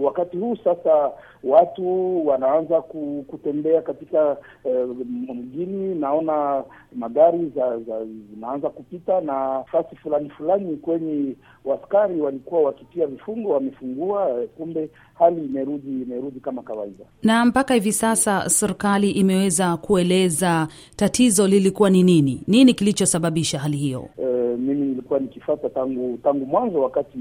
Wakati huu sasa watu wanaanza kutembea katika eh, mjini. Naona magari za zinaanza kupita na fasi fulani fulani kwenye waskari walikuwa wakitia vifungo wamefungua, eh, kumbe hali imerudi imerudi kama kawaida. Na mpaka hivi sasa serikali imeweza kueleza tatizo lilikuwa ni nini, nini kilichosababisha hali hiyo eh, mimi nilikuwa nikifata tangu tangu mwanzo, wakati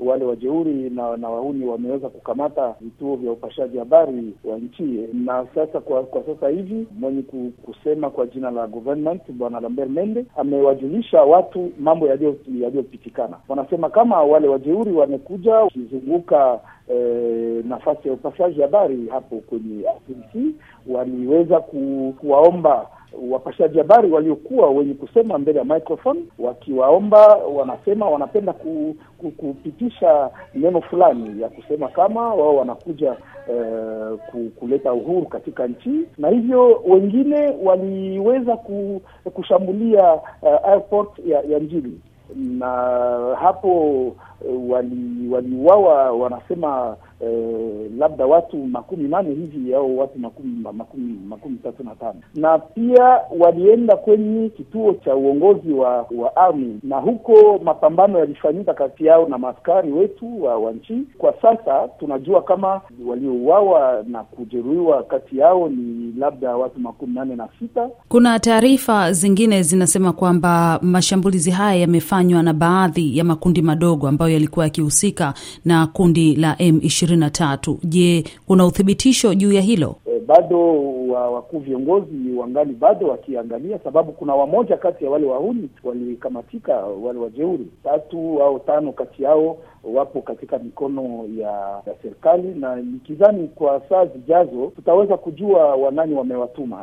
wale wajeuri na, na wahuni wameweza kukamata vituo vya upashaji habari wa nchi. Na sasa kwa, kwa sasa hivi mwenye kusema kwa jina la government bwana Lambert Mende amewajulisha watu mambo yaliyopitikana. Wanasema kama wale wajeuri wamekuja wakizunguka E, eh, nafasi ya upashaji habari hapo kwenye RTC waliweza ku, kuwaomba wapashaji habari waliokuwa wenye kusema mbele ya microphone, wakiwaomba wanasema wanapenda ku, ku, kupitisha neno fulani ya kusema kama wao wanakuja uh, kuleta uhuru katika nchi, na hivyo wengine waliweza ku, kushambulia uh, airport ya, ya Njili na hapo Eh, waliuawa wali wanasema eh, labda watu makumi nane hivi au watu makumi, makumi, makumi tatu na tano na pia walienda kwenye kituo cha uongozi wa wa army, na huko mapambano yalifanyika kati yao na maaskari wetu wa, wa nchi. Kwa sasa tunajua kama waliouawa na kujeruhiwa kati yao ni labda watu makumi nane na sita. Kuna taarifa zingine zinasema kwamba mashambulizi haya yamefanywa na baadhi ya makundi madogo ambayo ambayo yalikuwa yakihusika na kundi la M23. Je, kuna uthibitisho juu ya hilo? E, bado wakuu viongozi wangali bado wakiangalia, sababu kuna wamoja kati ya wale wahuni walikamatika, wale wajeuri tatu au tano kati yao wapo katika mikono ya, ya serikali na nikizani kwa saa zijazo tutaweza kujua wanani wamewatuma.